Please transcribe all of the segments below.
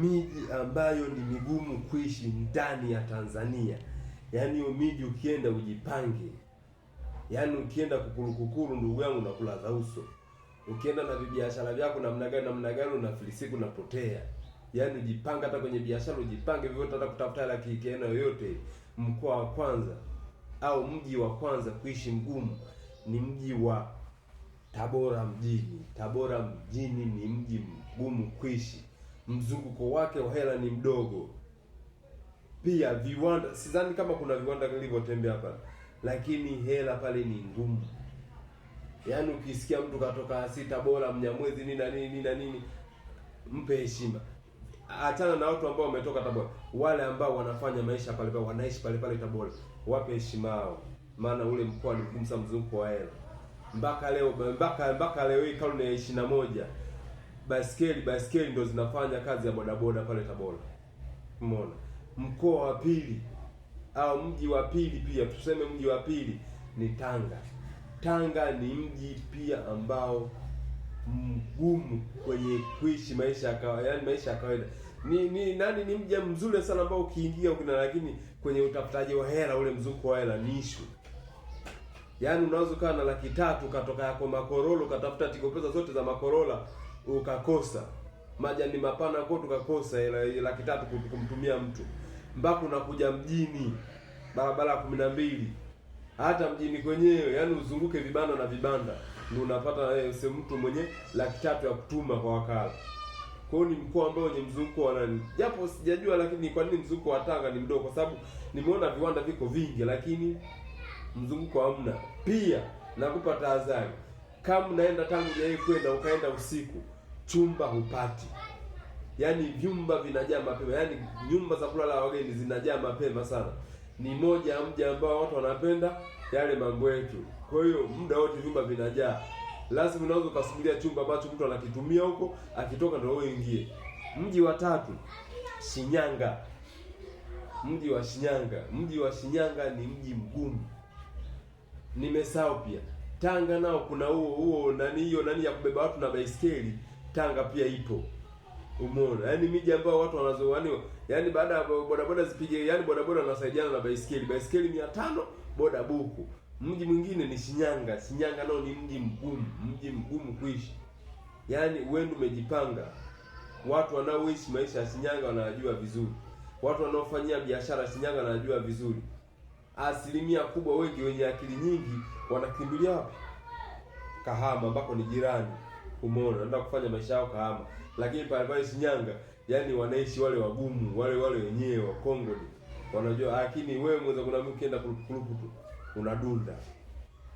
miji ambayo ni migumu kuishi ndani ya Tanzania. Yaani hiyo miji ukienda ujipange, yaani ukienda kukurukukuru, ndugu yangu, nakulaza uso. Ukienda na vibiashara vyako namna gani namna gani, unafilisika unapotea. Yaani ujipange, hata kwenye biashara ujipange vyovyote, hata kutafuta hela kiikeena yoyote. Mkoa wa kwanza au mji wa kwanza kuishi mgumu ni mji wa Tabora mjini. Tabora mjini ni mji mgumu kuishi mzunguko wake wa hela ni mdogo. Pia viwanda, sidhani kama kuna viwanda vilivyotembea hapa, lakini hela pale ni ngumu. Yaani ukisikia mtu katoka sita bora Mnyamwezi nini na nini nini na nini, mpe heshima. Achana na watu ambao wametoka Tabora, wale ambao wanafanya maisha pale pale, wanaishi pale pale Tabora, wape heshima yao, maana ule mkoa ni mgumu sana mzunguko wa hela mpaka leo, mpaka mpaka leo hii karne ya ishirini na moja baiskeli baiskeli ndo zinafanya kazi ya bodaboda pale Tabora. Umeona, mkoa wa pili au mji wa pili pia tuseme mji wa pili ni Tanga. Tanga ni mji pia ambao mgumu kwenye kuishi maisha ya kawaida, yaani maisha ya kawaida ni ni nani, ni mji mzuri sana ambao ukiingia ukina, lakini kwenye utafutaji wa hela, ule mzuko wa hela ni issue. Yaani unaweza ukawa na laki tatu ukatoka yako makorolo ukatafuta tigo pesa zote za Makorola ukakosa majani mapana kwa tukakosa ila laki tatu kumtumia mtu mpaka unakuja mjini barabara kumi na mbili hata mjini kwenyewe, yani uzunguke vibanda na vibanda, ndio unapata eh, sehemu mtu mwenye laki tatu ya kutuma kwa wakala. Kwa hiyo ni mkoa ambao wenye mzunguko wa nani, japo sijajua, lakini kwa nini mzunguko wa Tanga ni mdogo? Kwa sababu nimeona viwanda viko vingi, lakini mzunguko hamna. Pia nakupa tahadhari kama unaenda tangu jai kwenda ukaenda usiku, chumba hupati, yaani vyumba vinajaa mapema, yaani nyumba za kulala wageni zinajaa mapema sana. Ni moja ya mji ambao watu wanapenda yale mambo yetu, kwa hiyo muda wote vyumba vinajaa. Lazima unaweza ukasubiria chumba ambacho mtu anakitumia huko, akitoka ndio wewe ingie. Mji wa tatu Shinyanga, mji wa Shinyanga, mji wa Shinyanga ni mji mgumu, nimesahau pia Tanga nao kuna huo huo nani hiyo nani ya kubeba watu na baiskeli Tanga pia ipo. Umeona? Yaani miji ambayo watu wanazoani Yaani baada ya bodaboda zipige, yaani bodaboda wanasaidiana na baiskeli. Baiskeli 500 boda buku. Mji mwingine ni Shinyanga. Shinyanga nao ni mji mgumu, mji mgumu kuishi. Yaani wewe umejipanga. Watu wanaoishi maisha ya Shinyanga wanajua vizuri. Watu wanaofanyia biashara Shinyanga wanajua vizuri asilimia kubwa, wengi wenye akili nyingi wanakimbilia wapi? Kahama, ambako ni jirani. Umeona, wanaenda kufanya maisha yao Kahama, lakini pale pale Shinyanga, yani wanaishi wale wagumu wale wale wenyewe wa Kongo ni wanajua, ah, lakini wewe mweza kuna kienda kurupukurupu tu unadunda.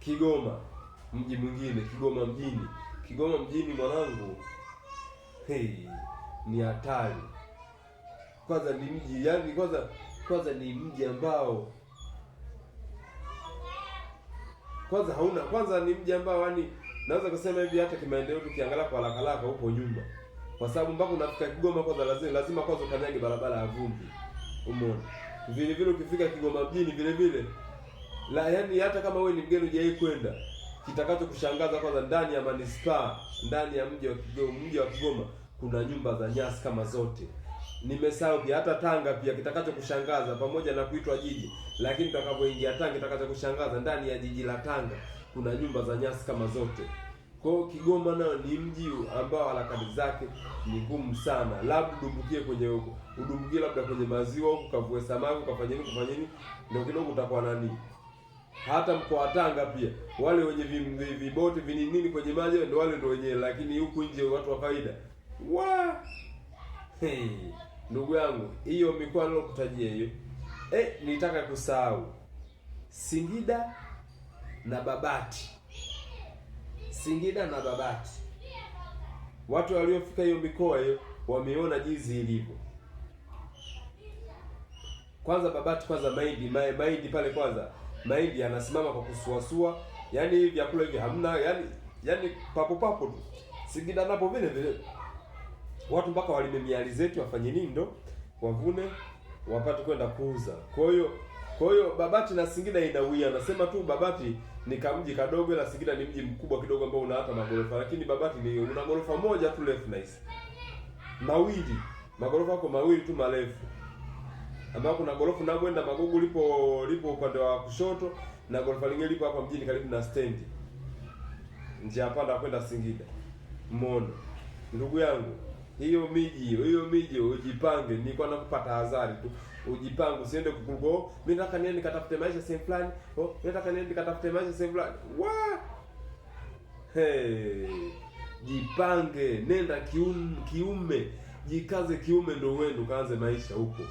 Kigoma mji mwingine, Kigoma mjini, Kigoma mjini mwanangu, hey, ni hatari kwanza. Ni mji yani, kwanza kwanza ni mji ambao kwanza hauna kwanza, ni mji ambao yani naweza kusema hivi hata kimaendeleo tukiangalia kwa haraka haraka upo nyuma, kwa sababu mpaka unafika Kigoma kwanza lazima lazima kwanza ukanyage barabara ya vumbi, umeona. Vile vile ukifika Kigoma mjini vile vile la, yani hata kama wewe ni mgeni hujai kwenda, kitakacho kushangaza kwanza, ndani ya manispaa ndani ya mji wa Kigoma, mji wa Kigoma kuna nyumba za nyasi kama zote nimesahau pia hata Tanga pia kitakacho kushangaza pamoja na kuitwa jiji, lakini tutakapoingia Tanga kitakacho kushangaza ndani ya jiji la Tanga kuna nyumba za nyasi kama zote. Kwa hiyo Kigoma nao ni mji ambao harakati zake ni ngumu sana, labda udumbukie kwenye huko, udumbukie labda kwenye maziwa huko, kavue samaki, kafanye nini, kafanye nini, ndio kidogo utakuwa nani. Hata mkoa wa Tanga pia wale wenye viboti vinini kwenye maji ndio wale ndio wenyewe, lakini huku nje watu wa kawaida wa hey, ndugu yangu, hiyo mikoa nilokutajia hiyo eh, nitaka kusahau Singida na Babati, Singida na Babati. Watu waliofika hiyo mikoa hiyo wameona jinsi ilivyo. Kwanza Babati, kwanza mahindi ma, mahindi pale kwanza mahindi yanasimama kwa kusuasua, yaani vyakula hivi hamna, yaani yaani papo papo tu. Singida napo vile vile watu mpaka walime miali zetu wafanye nini, ndo wavune wapate kwenda kuuza. Kwa hiyo kwa hiyo Babati na Singida inawia, nasema tu Babati ni kamji kadogo, na Singida ni mji mkubwa kidogo ambao una hata magorofa, lakini Babati ni una gorofa moja tu refu nice mawili magorofa yako mawili tu marefu, ambapo kuna gorofa unapoenda Magogo lipo lipo upande wa kushoto na gorofa lingine lipo hapa mjini karibu na stendi, njia panda kwenda Singida. Mmono ndugu yangu hiyo miji hiyo miji ujipange, nilikuwa nakupata hazari tu, ujipange, usiende kukugo, oh, mimi nataka niende nikatafute maisha sehemu fulani, oh, nataka niende nikatafute maisha sehemu fulani wa hey. Jipange, nenda kiume, kiume jikaze, kiume ndio uende kaanze maisha huko.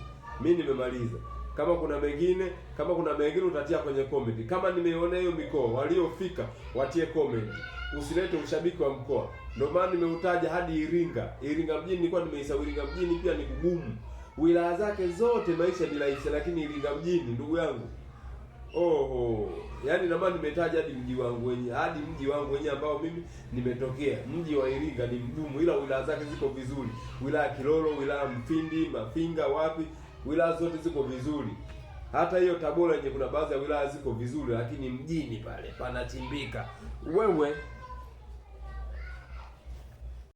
Mimi nimemaliza. Kama kuna mengine, kama kuna mengine utatia kwenye comment. Kama nimeona hiyo mikoa waliofika watie comment. Usilete ushabiki wa mkoa. Ndio maana nimeutaja hadi Iringa. Iringa mjini nilikuwa nimeisahau. Iringa mjini pia ni kugumu. Wilaya zake zote maisha ni rahisi, lakini Iringa mjini ndugu yangu Oho, yani na maana nimetaja hadi mji wangu wenye hadi mji wangu wenye ambao mimi nimetokea. Mji wa Iringa ni mgumu, ila wilaya zake ziko vizuri. Wilaya Kilolo, wilaya Mfindi, Mafinga, wapi wilaya zote ziko vizuri, hata hiyo Tabora yenye kuna baadhi ya wilaya ziko vizuri, lakini mjini pale panachimbika. Wewe